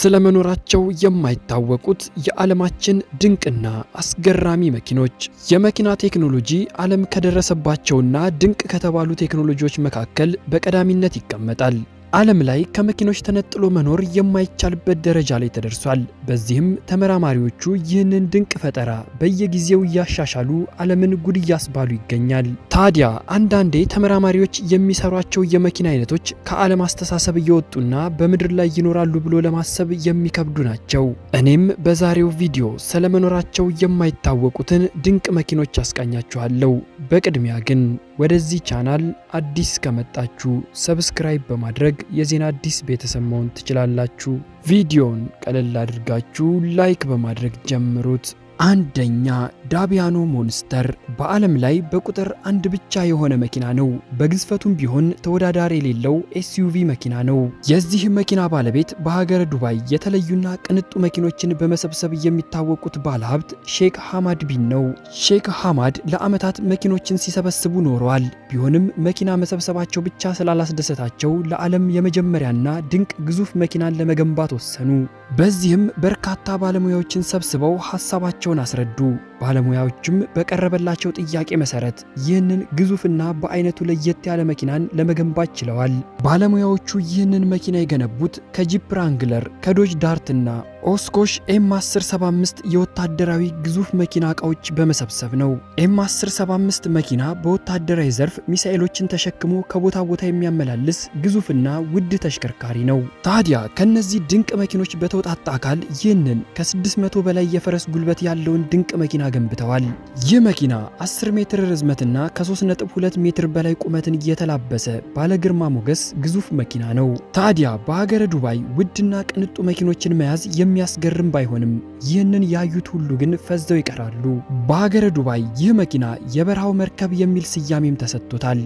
ስለመኖራቸው የማይታወቁት የዓለማችን ድንቅና አስገራሚ መኪኖች። የመኪና ቴክኖሎጂ ዓለም ከደረሰባቸውና ድንቅ ከተባሉ ቴክኖሎጂዎች መካከል በቀዳሚነት ይቀመጣል። ዓለም ላይ ከመኪኖች ተነጥሎ መኖር የማይቻልበት ደረጃ ላይ ተደርሷል። በዚህም ተመራማሪዎቹ ይህንን ድንቅ ፈጠራ በየጊዜው እያሻሻሉ ዓለምን ጉድ እያስባሉ ይገኛል። ታዲያ አንዳንዴ ተመራማሪዎች የሚሰሯቸው የመኪና አይነቶች ከዓለም አስተሳሰብ እየወጡና በምድር ላይ ይኖራሉ ብሎ ለማሰብ የሚከብዱ ናቸው። እኔም በዛሬው ቪዲዮ ስለመኖራቸው የማይታወቁትን ድንቅ መኪኖች አስቃኛችኋለሁ። በቅድሚያ ግን ወደዚህ ቻናል አዲስ ከመጣችሁ ሰብስክራይብ በማድረግ የዜና አዲስ ቤተሰብ መሆን ትችላላችሁ። ቪዲዮውን ቀለል አድርጋችሁ ላይክ በማድረግ ጀምሩት። አንደኛ ዳቢያኖ ሞንስተር በዓለም ላይ በቁጥር አንድ ብቻ የሆነ መኪና ነው። በግዝፈቱም ቢሆን ተወዳዳሪ የሌለው ኤስዩቪ መኪና ነው። የዚህ መኪና ባለቤት በሀገረ ዱባይ የተለዩና ቅንጡ መኪኖችን በመሰብሰብ የሚታወቁት ባለሀብት ሼክ ሐማድ ቢን ነው። ሼክ ሐማድ ለዓመታት መኪኖችን ሲሰበስቡ ኖረዋል። ቢሆንም መኪና መሰብሰባቸው ብቻ ስላላስደሰታቸው ለዓለም የመጀመሪያና ድንቅ ግዙፍ መኪናን ለመገንባት ወሰኑ። በዚህም በርካታ ባለሙያዎችን ሰብስበው ሀሳባቸው ሀሳባቸውን አስረዱ። ባለሙያዎችም በቀረበላቸው ጥያቄ መሰረት ይህንን ግዙፍና በአይነቱ ለየት ያለ መኪናን ለመገንባት ችለዋል። ባለሙያዎቹ ይህንን መኪና የገነቡት ከጂፕ ራንግለር፣ ከዶጅ ዳርትና ኦስኮሽ ኤም 1075 የወታደራዊ ግዙፍ መኪና ዕቃዎች በመሰብሰብ ነው። ኤም 1075 መኪና በወታደራዊ ዘርፍ ሚሳኤሎችን ተሸክሞ ከቦታ ቦታ የሚያመላልስ ግዙፍና ውድ ተሽከርካሪ ነው። ታዲያ ከእነዚህ ድንቅ መኪኖች በተውጣጣ አካል ይህንን ከ600 በላይ የፈረስ ጉልበት ያለውን ድንቅ መኪና ገንብተዋል። ይህ መኪና 10 ሜትር ርዝመትና ከ3.2 ሜትር በላይ ቁመትን እየተላበሰ ባለ ግርማ ሞገስ ግዙፍ መኪና ነው። ታዲያ በሀገረ ዱባይ ውድና ቅንጡ መኪኖችን መያዝ የሚያስገርም ባይሆንም ይህንን ያዩት ሁሉ ግን ፈዘው ይቀራሉ። በሀገረ ዱባይ ይህ መኪና የበረሃው መርከብ የሚል ስያሜም ተሰጥቶታል።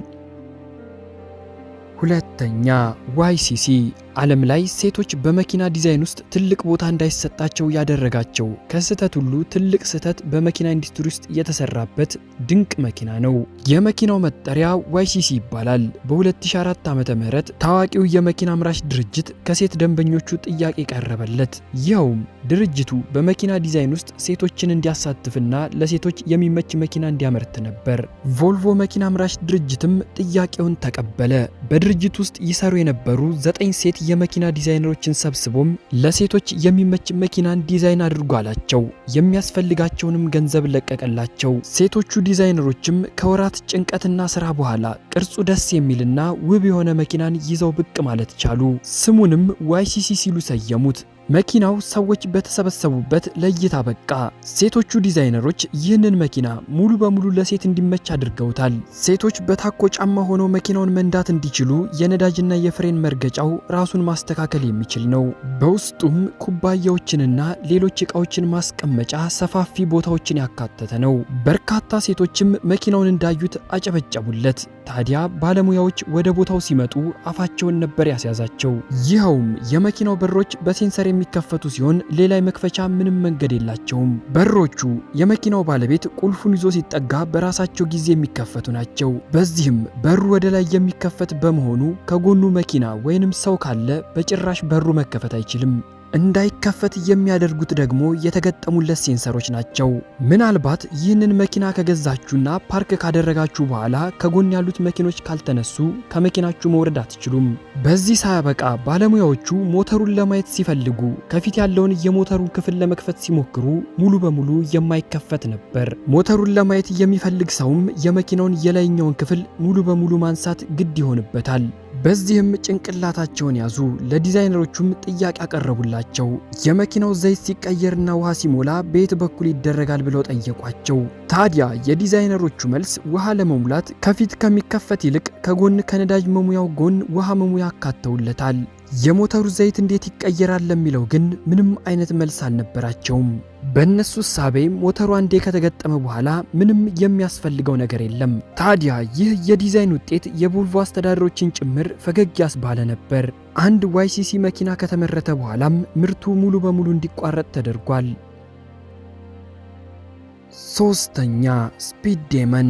ሁለተኛ ዋይሲሲ ዓለም ላይ ሴቶች በመኪና ዲዛይን ውስጥ ትልቅ ቦታ እንዳይሰጣቸው ያደረጋቸው ከስህተት ሁሉ ትልቅ ስህተት በመኪና ኢንዱስትሪ ውስጥ የተሰራበት ድንቅ መኪና ነው። የመኪናው መጠሪያ ዋይሲሲ ይባላል። በ2004 ዓ ም ታዋቂው የመኪና አምራች ድርጅት ከሴት ደንበኞቹ ጥያቄ ቀረበለት። ይኸውም ድርጅቱ በመኪና ዲዛይን ውስጥ ሴቶችን እንዲያሳትፍና ለሴቶች የሚመች መኪና እንዲያመርት ነበር። ቮልቮ መኪና አምራች ድርጅትም ጥያቄውን ተቀበለ። በድርጅት ውስጥ ይሰሩ የነበሩ ዘጠኝ ሴት የመኪና ዲዛይነሮችን ሰብስቦም ለሴቶች የሚመች መኪናን ዲዛይን አድርጎ አላቸው። የሚያስፈልጋቸውንም ገንዘብ ለቀቀላቸው። ሴቶቹ ዲዛይነሮችም ከወራት ጭንቀትና ስራ በኋላ ቅርጹ ደስ የሚልና ውብ የሆነ መኪናን ይዘው ብቅ ማለት ቻሉ። ስሙንም ዋይሲሲ ሲሉ ሰየሙት። መኪናው ሰዎች በተሰበሰቡበት ለእይታ በቃ። ሴቶቹ ዲዛይነሮች ይህንን መኪና ሙሉ በሙሉ ለሴት እንዲመች አድርገውታል። ሴቶች በታኮ ጫማ ሆነው መኪናውን መንዳት እንዲችሉ የነዳጅና የፍሬን መርገጫው ራሱ ራሱን ማስተካከል የሚችል ነው። በውስጡም ኩባያዎችንና ሌሎች ዕቃዎችን ማስቀመጫ ሰፋፊ ቦታዎችን ያካተተ ነው። በርካታ ሴቶችም መኪናውን እንዳዩት አጨበጨቡለት። ታዲያ ባለሙያዎች ወደ ቦታው ሲመጡ አፋቸውን ነበር ያስያዛቸው። ይኸውም የመኪናው በሮች በሴንሰር የሚከፈቱ ሲሆን ሌላ የመክፈቻ ምንም መንገድ የላቸውም። በሮቹ የመኪናው ባለቤት ቁልፉን ይዞ ሲጠጋ በራሳቸው ጊዜ የሚከፈቱ ናቸው። በዚህም በሩ ወደ ላይ የሚከፈት በመሆኑ ከጎኑ መኪና ወይንም ሰው ካለ በጭራሽ በሩ መከፈት አይችልም። እንዳይከፈት የሚያደርጉት ደግሞ የተገጠሙለት ሴንሰሮች ናቸው። ምናልባት ይህንን መኪና ከገዛችሁና ፓርክ ካደረጋችሁ በኋላ ከጎን ያሉት መኪኖች ካልተነሱ ከመኪናችሁ መውረድ አትችሉም። በዚህ ሳያበቃ ባለሙያዎቹ ሞተሩን ለማየት ሲፈልጉ ከፊት ያለውን የሞተሩን ክፍል ለመክፈት ሲሞክሩ ሙሉ በሙሉ የማይከፈት ነበር። ሞተሩን ለማየት የሚፈልግ ሰውም የመኪናውን የላይኛውን ክፍል ሙሉ በሙሉ ማንሳት ግድ ይሆንበታል። በዚህም ጭንቅላታቸውን ያዙ። ለዲዛይነሮቹም ጥያቄ አቀረቡላቸው። የመኪናው ዘይት ሲቀየርና ውሃ ሲሞላ በየት በኩል ይደረጋል ብለው ጠየቋቸው። ታዲያ የዲዛይነሮቹ መልስ ውሃ ለመሙላት ከፊት ከሚከፈት ይልቅ ከጎን ከነዳጅ መሙያው ጎን ውሃ መሙያ አካተውለታል። የሞተሩ ዘይት እንዴት ይቀየራል ለሚለው ግን ምንም አይነት መልስ አልነበራቸውም። በእነሱ እሳቤ ሞተሩ አንዴ ከተገጠመ በኋላ ምንም የሚያስፈልገው ነገር የለም። ታዲያ ይህ የዲዛይን ውጤት የቮልቮ አስተዳደሮችን ጭምር ፈገግ ያስባለ ነበር። አንድ ዋይሲሲ መኪና ከተመረተ በኋላም ምርቱ ሙሉ በሙሉ እንዲቋረጥ ተደርጓል። ሶስተኛ ስፒድ ዴመን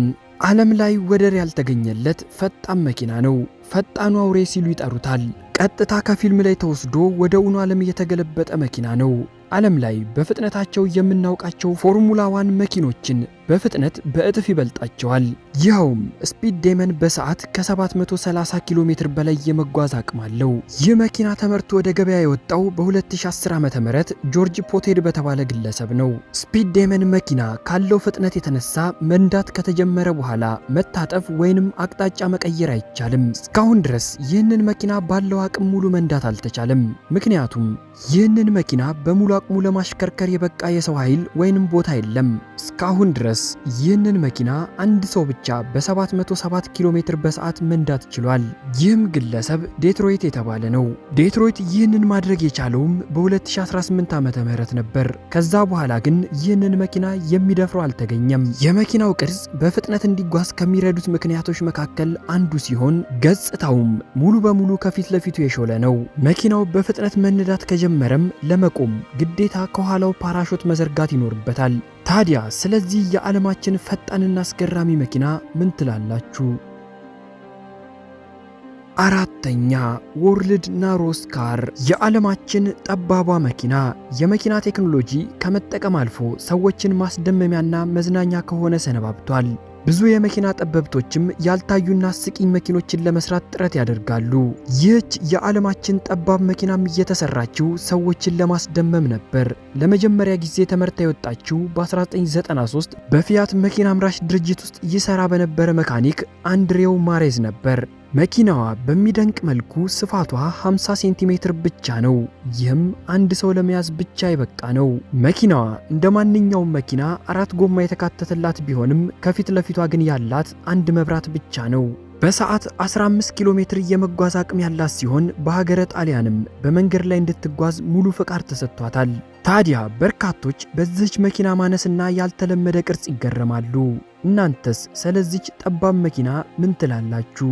ዓለም ላይ ወደር ያልተገኘለት ፈጣን መኪና ነው። ፈጣኑ አውሬ ሲሉ ይጠሩታል። ቀጥታ ከፊልም ላይ ተወስዶ ወደ እውኑ ዓለም እየተገለበጠ መኪና ነው። ዓለም ላይ በፍጥነታቸው የምናውቃቸው ፎርሙላ ዋን መኪኖችን በፍጥነት በእጥፍ ይበልጣቸዋል። ይኸውም ስፒድ ዴመን በሰዓት ከ730 ኪሎ ሜትር በላይ የመጓዝ አቅም አለው። ይህ መኪና ተመርቶ ወደ ገበያ የወጣው በ2010 ዓ ም ጆርጅ ፖቴድ በተባለ ግለሰብ ነው። ስፒድ ዴመን መኪና ካለው ፍጥነት የተነሳ መንዳት ከተጀመረ በኋላ መታጠፍ ወይንም አቅጣጫ መቀየር አይቻልም። እስካሁን ድረስ ይህንን መኪና ባለው አቅም ሙሉ መንዳት አልተቻለም። ምክንያቱም ይህንን መኪና በሙሉ አቅሙ ለማሽከርከር የበቃ የሰው ኃይል ወይንም ቦታ የለም። እስካሁን ድረስ ይህንን መኪና አንድ ሰው ብቻ በ707 ኪሎ ሜትር በሰዓት መንዳት ችሏል። ይህም ግለሰብ ዴትሮይት የተባለ ነው። ዴትሮይት ይህንን ማድረግ የቻለውም በ2018 ዓ ም ነበር። ከዛ በኋላ ግን ይህንን መኪና የሚደፍረው አልተገኘም። የመኪናው ቅርጽ በፍጥነት እንዲጓዝ ከሚረዱት ምክንያቶች መካከል አንዱ ሲሆን ገጽታውም ሙሉ በሙሉ ከፊት ለፊቱ የሾለ ነው። መኪናው በፍጥነት መንዳት ከጀመረም ለመቆም ግዴታ ከኋላው ፓራሾት መዘርጋት ይኖርበታል። ታዲያ ስለዚህ የዓለማችን ፈጣንና አስገራሚ መኪና ምን ትላላችሁ? አራተኛ ወርልድ ናሮስ ካር የዓለማችን ጠባቧ መኪና። የመኪና ቴክኖሎጂ ከመጠቀም አልፎ ሰዎችን ማስደመሚያና መዝናኛ ከሆነ ሰነባብቷል። ብዙ የመኪና ጠበብቶችም ያልታዩና አስቂኝ መኪኖችን ለመስራት ጥረት ያደርጋሉ። ይህች የዓለማችን ጠባብ መኪናም እየተሰራችው ሰዎችን ለማስደመም ነበር። ለመጀመሪያ ጊዜ ተመርታ የወጣችው በ1993 በፊያት መኪና አምራች ድርጅት ውስጥ ይሰራ በነበረ መካኒክ አንድሬው ማሬዝ ነበር። መኪናዋ በሚደንቅ መልኩ ስፋቷ 50 ሴንቲሜትር ብቻ ነው። ይህም አንድ ሰው ለመያዝ ብቻ የበቃ ነው። መኪናዋ እንደ ማንኛውም መኪና አራት ጎማ የተካተተላት ቢሆንም ከፊት ለፊቷ ግን ያላት አንድ መብራት ብቻ ነው። በሰዓት 15 ኪሎ ሜትር የመጓዝ አቅም ያላት ሲሆን በሀገረ ጣሊያንም በመንገድ ላይ እንድትጓዝ ሙሉ ፈቃድ ተሰጥቷታል። ታዲያ በርካቶች በዚች መኪና ማነስና ያልተለመደ ቅርጽ ይገረማሉ። እናንተስ ስለዚች ጠባብ መኪና ምን ትላላችሁ?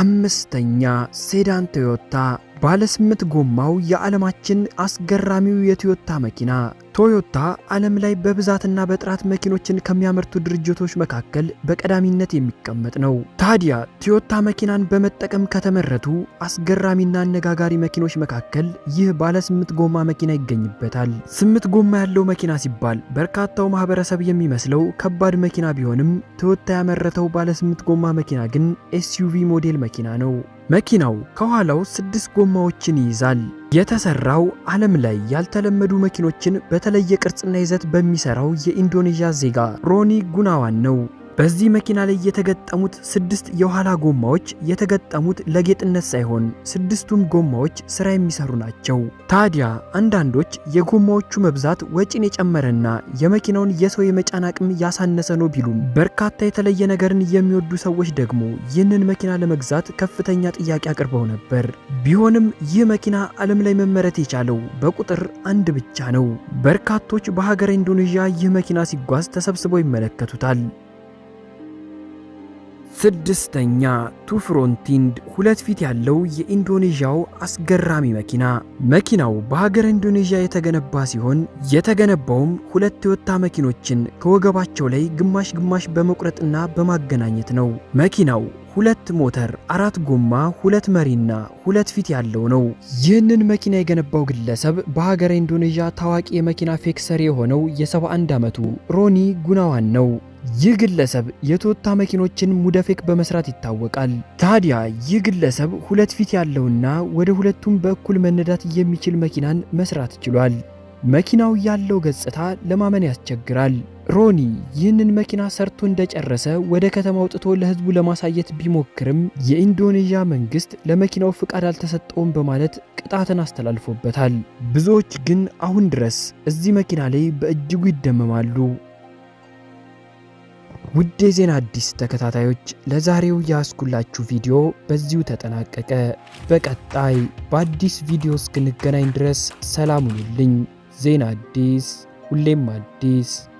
አምስተኛ ሴዳን ቶዮታ ባለ ስምንት ጎማው የዓለማችን አስገራሚው የቶዮታ መኪና ቶዮታ ዓለም ላይ በብዛትና በጥራት መኪኖችን ከሚያመርቱ ድርጅቶች መካከል በቀዳሚነት የሚቀመጥ ነው። ታዲያ ቶዮታ መኪናን በመጠቀም ከተመረቱ አስገራሚና አነጋጋሪ መኪኖች መካከል ይህ ባለ ስምንት ጎማ መኪና ይገኝበታል። ስምንት ጎማ ያለው መኪና ሲባል በርካታው ማህበረሰብ የሚመስለው ከባድ መኪና ቢሆንም ቶዮታ ያመረተው ባለ ስምንት ጎማ መኪና ግን ኤስዩቪ ሞዴል መኪና ነው። መኪናው ከኋላው ስድስት ጎማዎችን ይይዛል። የተሰራው ዓለም ላይ ያልተለመዱ መኪኖችን በተለየ ቅርጽና ይዘት በሚሰራው የኢንዶኔዥያ ዜጋ ሮኒ ጉናዋን ነው። በዚህ መኪና ላይ የተገጠሙት ስድስት የኋላ ጎማዎች የተገጠሙት ለጌጥነት ሳይሆን ስድስቱም ጎማዎች ስራ የሚሰሩ ናቸው። ታዲያ አንዳንዶች የጎማዎቹ መብዛት ወጪን የጨመረና የመኪናውን የሰው የመጫን አቅም ያሳነሰ ነው ቢሉም በርካታ የተለየ ነገርን የሚወዱ ሰዎች ደግሞ ይህንን መኪና ለመግዛት ከፍተኛ ጥያቄ አቅርበው ነበር። ቢሆንም ይህ መኪና ዓለም ላይ መመረት የቻለው በቁጥር አንድ ብቻ ነው። በርካቶች በሀገረ ኢንዶኔዥያ ይህ መኪና ሲጓዝ ተሰብስበው ይመለከቱታል። ስድስተኛ ቱፍሮንቲንድ ሁለት ፊት ያለው የኢንዶኔዥያው አስገራሚ መኪና። መኪናው በሀገር ኢንዶኔዥያ የተገነባ ሲሆን የተገነባውም ሁለት ቶዮታ መኪኖችን ከወገባቸው ላይ ግማሽ ግማሽ በመቁረጥና በማገናኘት ነው። መኪናው ሁለት ሞተር፣ አራት ጎማ፣ ሁለት መሪና ሁለት ፊት ያለው ነው። ይህንን መኪና የገነባው ግለሰብ በሀገረ ኢንዶኔዥያ ታዋቂ የመኪና ፌክሰር የሆነው የ71 ዓመቱ ሮኒ ጉናዋን ነው። ይህ ግለሰብ የቶታ መኪኖችን ሙደፌክ በመስራት ይታወቃል። ታዲያ ይህ ግለሰብ ሁለት ፊት ያለውና ወደ ሁለቱም በእኩል መነዳት የሚችል መኪናን መስራት ችሏል። መኪናው ያለው ገጽታ ለማመን ያስቸግራል። ሮኒ ይህንን መኪና ሰርቶ እንደጨረሰ ወደ ከተማ አውጥቶ ለህዝቡ ለማሳየት ቢሞክርም የኢንዶኔዥያ መንግስት ለመኪናው ፍቃድ አልተሰጠውም በማለት ቅጣትን አስተላልፎበታል። ብዙዎች ግን አሁን ድረስ እዚህ መኪና ላይ በእጅጉ ይደመማሉ። ውድ የዜና አዲስ ተከታታዮች ለዛሬው ያስኩላችሁ ቪዲዮ በዚሁ ተጠናቀቀ። በቀጣይ በአዲስ ቪዲዮ እስክንገናኝ ድረስ ሰላም ሁኑልኝ። ዜና አዲስ ሁሌም አዲስ